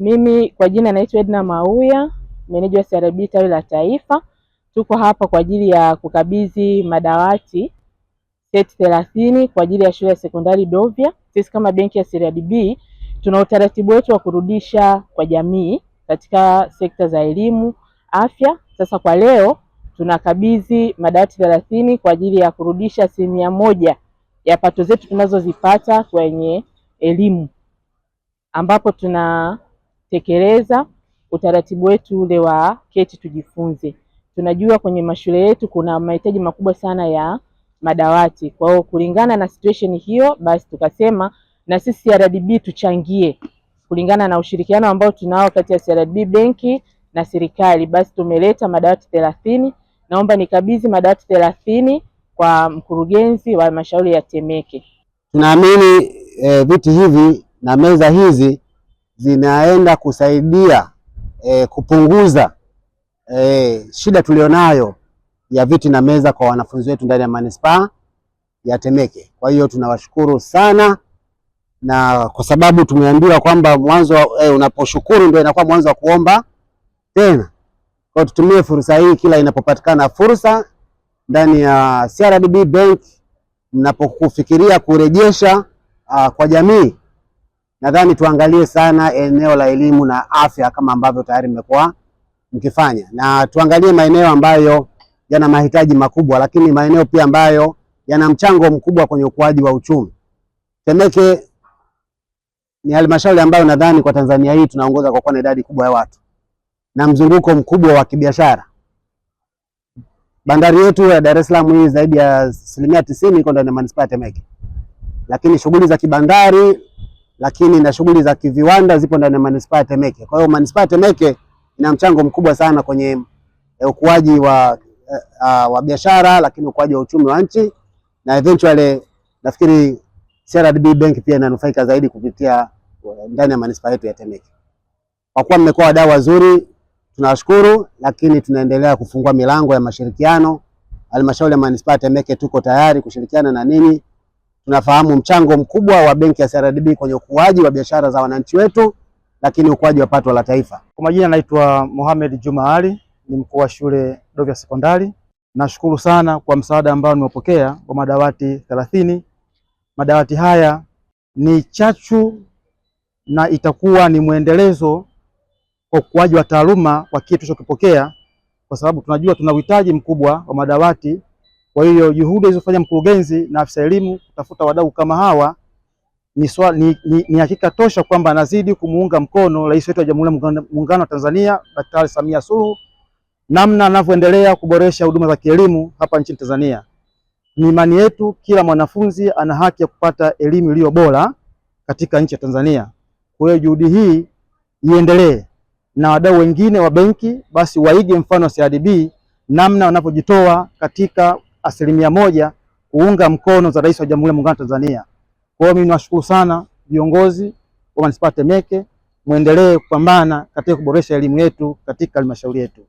Mimi kwa jina naitwa Edna Mauya, meneja wa CRB tawi la Taifa. Tuko hapa kwa ajili ya kukabidhi madawati seti thelathini kwa ajili ya shule ya sekondari Dovya. Sisi kama benki ya CRDB tuna utaratibu wetu wa kurudisha kwa jamii katika sekta za elimu, afya. Sasa kwa leo tunakabidhi madawati thelathini kwa ajili ya kurudisha asilimia moja ya pato zetu tunazozipata kwenye elimu ambapo tuna kutekeleza utaratibu wetu ule wa keti tujifunze. Tunajua kwenye mashule yetu kuna mahitaji makubwa sana ya madawati. Kwa hiyo kulingana na situation hiyo, basi tukasema na sisi CRDB tuchangie kulingana na ushirikiano ambao tunao kati ya CRDB benki na serikali, basi tumeleta madawati thelathini. Naomba nikabidhi madawati thelathini kwa mkurugenzi wa halmashauri ya Temeke. Tunaamini eh, viti hivi na meza hizi zinaenda kusaidia e, kupunguza e, shida tulionayo ya viti na meza kwa wanafunzi wetu ndani ya manispaa ya Temeke. Kwa hiyo tunawashukuru sana, na kwa sababu tumeambiwa kwamba mwanzo e, unaposhukuru ndio inakuwa mwanzo wa kuomba tena. Kwa tutumie fursa hii kila inapopatikana fursa ndani ya CRDB Bank mnapokufikiria kurejesha a, ah, kwa jamii nadhani tuangalie sana eneo la elimu na afya kama ambavyo tayari mmekuwa mkifanya, na tuangalie maeneo ambayo yana mahitaji makubwa, lakini maeneo pia ambayo yana mchango mkubwa kwenye ukuaji wa uchumi. Temeke ni halmashauri ambayo nadhani kwa Tanzania hii tunaongoza kwa kuwa na idadi kubwa ya watu na mzunguko mkubwa wa kibiashara. Bandari yetu ya Dar es Salaam hii zaidi ya asilimia tisini iko ndani ya manispaa ya Temeke, lakini shughuli za kibandari lakini na shughuli za kiviwanda zipo ndani ya manispaa ya Temeke. Kwa hiyo manispaa ya Temeke ina mchango mkubwa sana kwenye eh, ukuaji wa, uh, wa biashara lakini ukuaji wa uchumi wa nchi na eventually nafikiri CRDB Bank pia inanufaika zaidi kupitia eh, ndani ya manispaa yetu ya Temeke. Kwa kuwa mmekuwa wadau wazuri, tunawashukuru, lakini tunaendelea kufungua milango ya mashirikiano. Halmashauri ya manispaa ya Temeke tuko tayari kushirikiana na ninyi Tunafahamu mchango mkubwa wa benki ya CRDB kwenye ukuaji wa biashara za wananchi wetu, lakini ukuaji wa pato la taifa. Kwa majina naitwa Mohamed Juma Ali, ni mkuu wa shule Dovya Sekondari. Nashukuru sana kwa msaada ambao nimepokea kwa madawati thelathini. Madawati haya ni chachu na itakuwa ni mwendelezo kwa ukuaji wa taaluma kwa kitu tulichokipokea, kwa sababu tunajua tuna uhitaji mkubwa wa madawati kwa hiyo juhudi alizofanya mkurugenzi na afisa elimu kutafuta wadau kama hawa ni swali, ni, ni, ni hakika tosha kwamba anazidi kumuunga mkono rais wetu wa Jamhuri ya Muungano wa Tanzania Daktari Samia Suluhu, namna anavyoendelea kuboresha huduma za kielimu hapa nchini Tanzania. Ni imani yetu kila mwanafunzi ana haki ya kupata elimu iliyo bora katika nchi ya Tanzania. Kwa hiyo juhudi hii iendelee, na wadau wengine wa benki basi waige mfano wa CRDB namna wanapojitoa katika asilimia moja kuunga mkono za Rais wa Jamhuri ya Muungano wa Tanzania. Kwa hiyo mimi niwashukuru sana viongozi wa Manispaa Temeke, muendelee kupambana katika kuboresha elimu yetu katika halmashauri yetu.